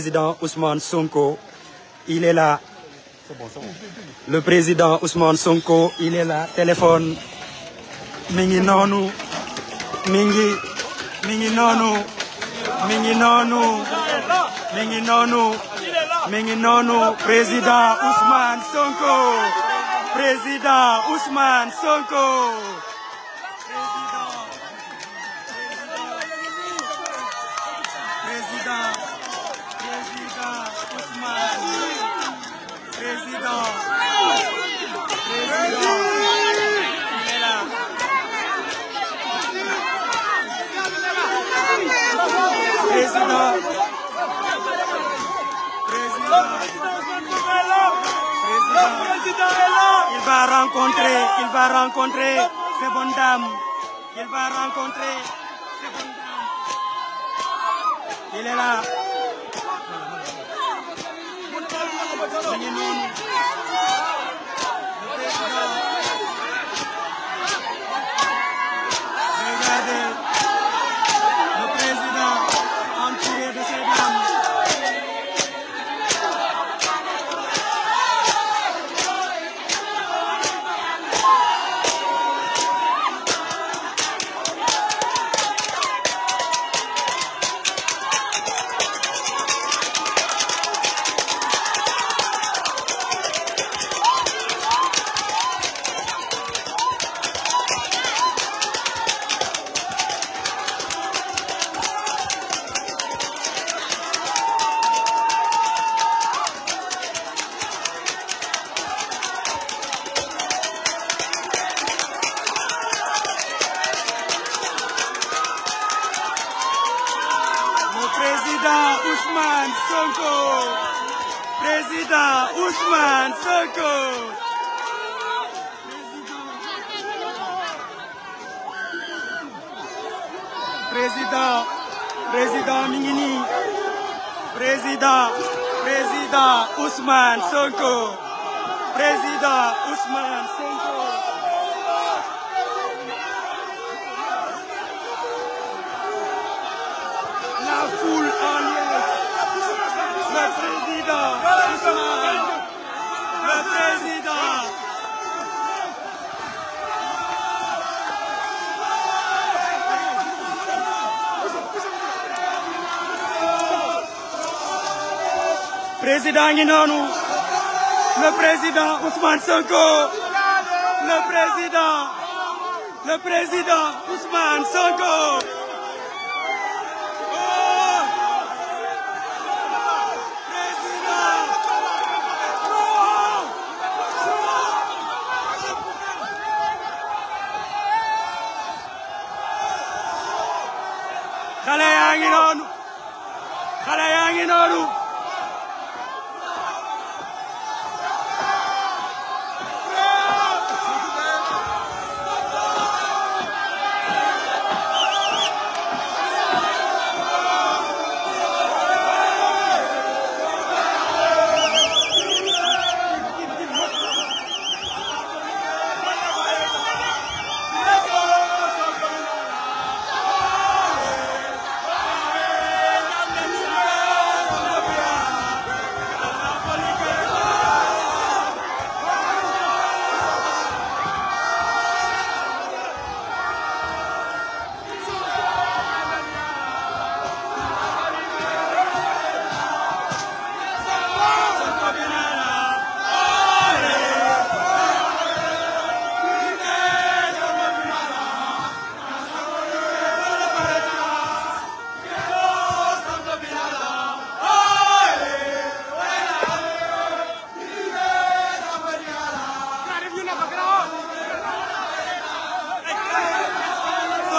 président Ousmane Sonko, il est là. Le président Ousmane Sonko, il est là. Téléphone. Mingi nonu. Mingi. Mingi nonu. Mingi nonu. Mingi nonu. Mingi nonu. Président Ousmane Sonko. Président Ousmane Sonko. Président. Président. Il est là. Président. Président. Président. Il va rencontrer, il va rencontrer cette bonne dame. Il va rencontrer cette bonne dame. Il est là. mu ngi noonu le président Ousmane Sonko. Président Usman Sonko. Président, président Mingini, président, président Usman Sonko, président Usman Sonko. président ngi le président Ousmane Sonko le président le président Ousmane Sanko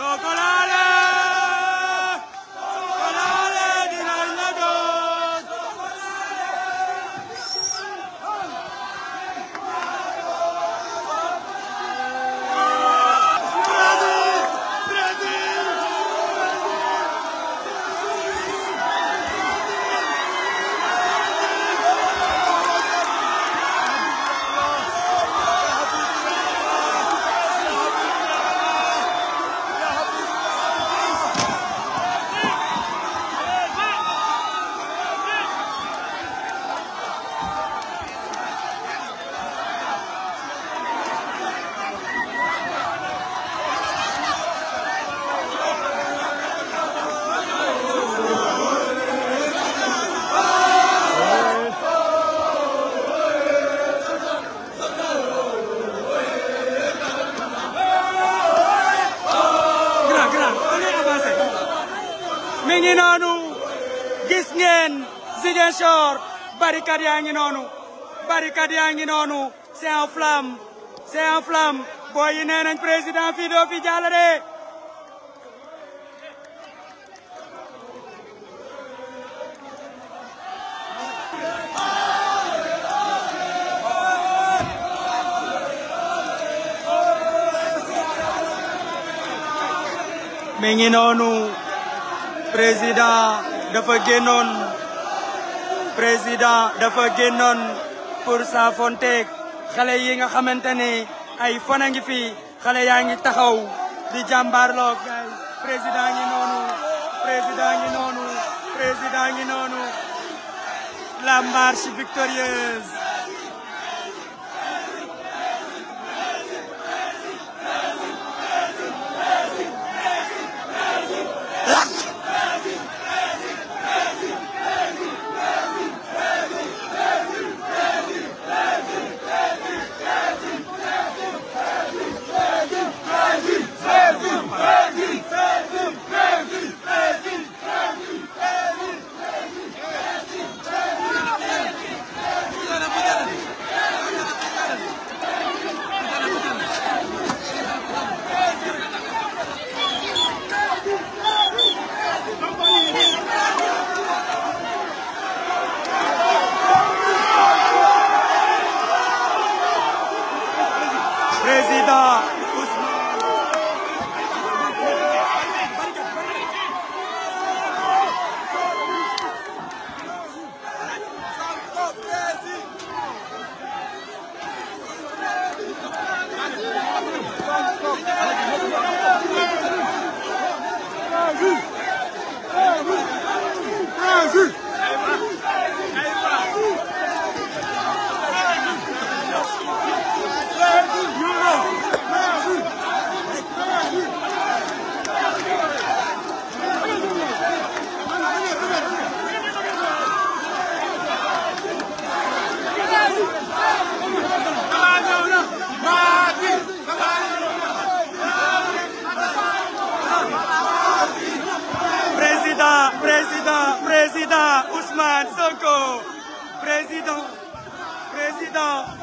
Socorro! Ziguinchor barikade yaa ngi noonu barricade yaa ngi noonu c'est en flamme c'est en flamme boy yi nee président fii fi jallare mi ngi noonu président dafa président dafa génnoon pour s'affronter xale yi nga xamante ni ay fan a ngi fi xale yaa ngi taxaw di jàmbaarloo président ngi noonu président ngi noonu président ngi noonu la marche victorieuse Sonko président président